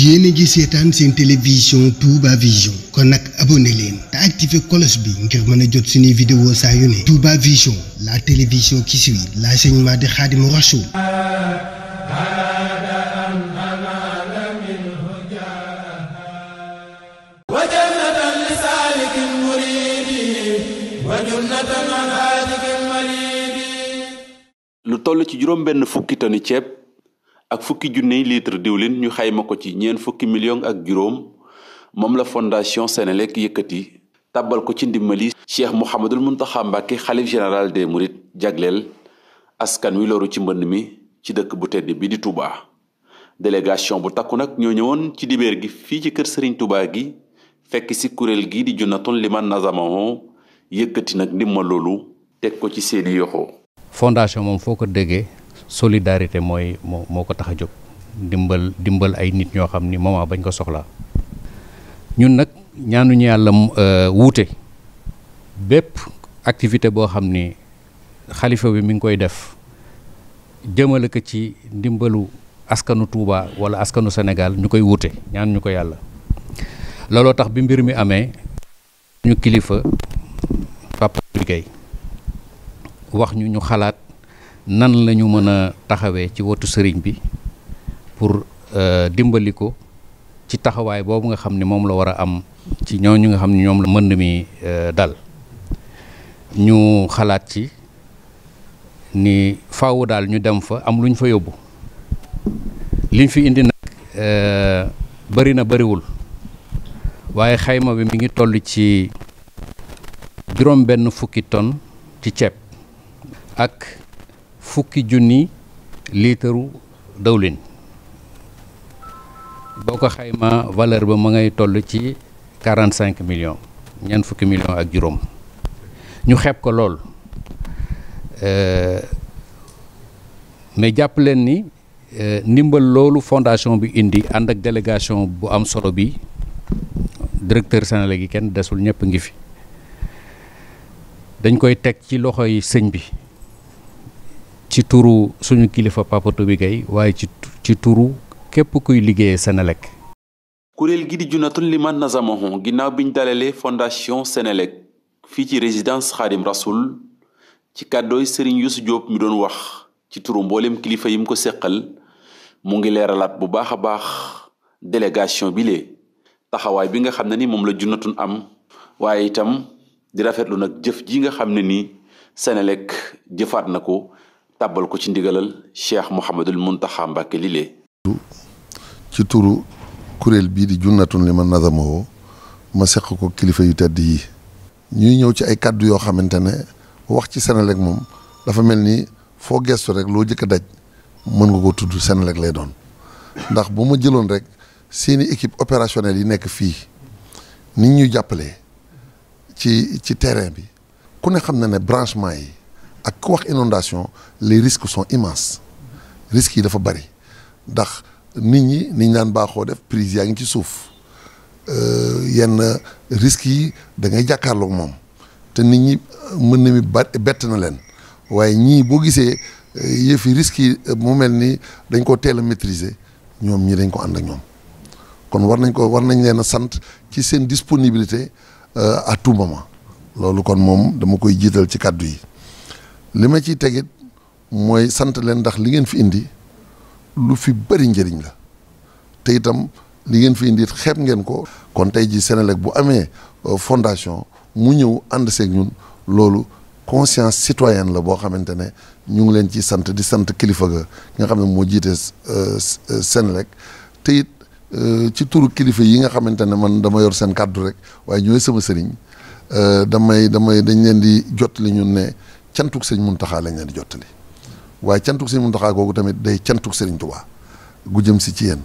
yéen a ngi seetaan seen télévision Touba Vision kon nag abonné leen te activé cloche bi ngir mën jot suñuy vidéo saa ne Touba Vision la télévision qui suit l'enseignement de Khadimou Rassoul lu toll ci juróom benn fukki tani ceeb ak fukki junney litre diwlin ñu xayma ko ci ñeen fukki million ak juróom moom la fondation Senelec yëkkati tàbbal ko ci ndimbali Cheikh Mouhamadul Mountakha Mbacké xalif général des Mourides jagleel askan wi loru ci mbënn mi ci dëkk bu tedd bi di Touba délégation bu takku nag ñoo ñëwoon ci dibeer gi fii ci kër Serigne Touba gi fekk si kuréel gi di Junatun Liman Nazamaho yëkkati nag ndimmal loolu teg ko ci seeni yoxoo fondation moom foo ko déggee solidarité mooy moo moo ko tax a jóg dimbal dimbal ay nit ñoo xam ni moment bañ ko soxla ñun nag ñaanuñu yàlla euh, wuute bépp activité boo xam ni xalifa bi mi ngi koy def jëmale ko ci ndimbalu askanu tuuba wala askanu senegal ñu koy wuute ñaan ñu ko yàlla looloo tax bi mbir mi amee ñu kilifa Papa wax ñu ñu xalaat nan lañu ñu mën a taxawee ci wotu sëriñ bi pour euh, dimbali ko ci taxawaay boobu nga xam ni moom la war a am ci ñooñu nga xam ne ñoom la mënd mi euh, dal ñu xalaat ci ni faawu daal ñu dem fa am luñ fa yóbbu liñ fi indi nag euh, bari na bariwul waaye xayma bi mi ngi toll ci juróom benn fukki ton ci ceeb ak fukki junni liitaru dawlin boo ko xayma valeur ba ma ngay toll ci quarante cinq millions ñeent fukki millions ak juróom ñu xeeb ko lool euh, mais jàpp leen ni euh, ndimbal loolu fondation bi indi ànd ak délégation bu am solo bi directeur Senelec gi kenn desul ñëpp ngi fi dañ koy teg ci loxo yi sëñ bi ci turu suñu kilifa Papa bi Gaye waaye ci ci turu képp kuy liggéeyee Senelec kuréel gi di junatun liman nazamahu ginnaaw biñ dalalee fondation Senelec fii ci résidence Xaadim Rasoul ci kàddooy Serigne Youssou Diop mi doon wax ci turu mboolem kilifa yi mu ko seqal mu ngi leeralaat bu baax a baax délégation bi lee taxawaay bi nga xam ne ni moom la junatun am waaye itam di rafetlu nag jëf ji nga xam ne ni Senelec jëfaat na ko tàbbal ko ci ndigalal cheikh mun Muntaxa Mbàkke lile ci turu kuréel bii di junnatun li ma nazamaho ma seq ko kilifa yu tedd yi ñuy ñëw ci ay kàddu yoo xamante ne wax ci Senelec moom dafa mel ni foo gestu rek loo jëkk a daj mën nga ko tudd Senelec lay doon ndax bu ma jëloon rek seeni équipe opérationnelle yi nekk fii nit ñuy jàppale ci ci terrain bi ku ne xam na ne branchement yi ak wax inondation les risques sont immenses risques yi dafa bari ndax nit ñi niñ daan baaxoo def prise yaa ngi ci suuf euh, yenn risques yi da ngay jàkkaarloog moom te nit ñi mën na mi na leen waaye ñii boo gisee euh, yëfi risques yi euh, mu mel ni dañ ko teel a maîtriser ñoom ñi dañ ko ànd ñoom kon war nañ ko war nañ leen a sant ci seen disponibilité à tout moment loolu kon moom dama koy jiital ci kàddu yi li ma ciy tegit mooy sant leen ndax li ngeen fi indi lu fi bëri njëriñ la te itam li ngeen fi indi xeeb ngeen ko kon tey ji senelek bu amee euh, fondation mu ñëw ànd seeg ñun loolu conscience citoyenne la boo xamante ne ñu ngi leen ci sant di sant kilifa ga nga xam ne moo jiite euh, euh, Senelec te it ci turu kilifa yi nga xamante ne man dama yor seen kàddu rek waaye ñooy sama sëriñ damay damay dañ leen di jot li ne cantug sëñ Muntaxa lañ leen di jottali waaye cantug sëñ Muntaxa googu tamit day cantug sëriñ Tuubaa gu jëm si ci yéen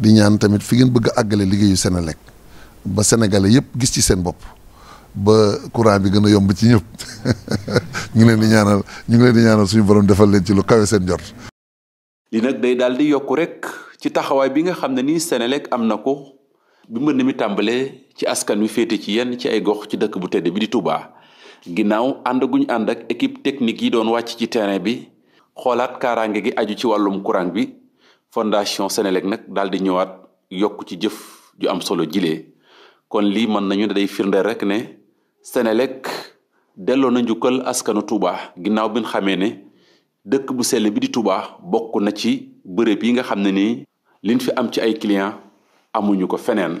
di ñaan tamit fi ngeen bëgg a àggale liggéeyu lekk ba sénégalais yëpp gis ci seen bopp ba courant bi gën a yomb ci ñëpp ñu ngi leen di ñaanal ñu ngi leen di ñaanal suñu borom defal leen ci lu kawe seen jot. li nag day daal di yokku rek ci taxawaay bi nga xam ne nii Senelec am na ko bi mbënn mi tàmbalee ci askan wi féete ci yenn ci ay gox ci dëkk bu tedd bi ginnaaw ànd guñ ànd ak équipe technique yi doon wàcc ci terrain bi xoolaat kaaraange gi aju ci wàllum courant bi fondation Senelec nag daal di ñëwaat yokk ci jëf ju am solo jilee kon lii mën nañu day firndeel rek ne senelek delloo na njukkal askanu Touba ginnaaw bi nga xamee ne dëkk bu sell bi di Touba bokk na ci bërëb yi nga xam ne nii liñ fi am ci ay client amuñu ko feneen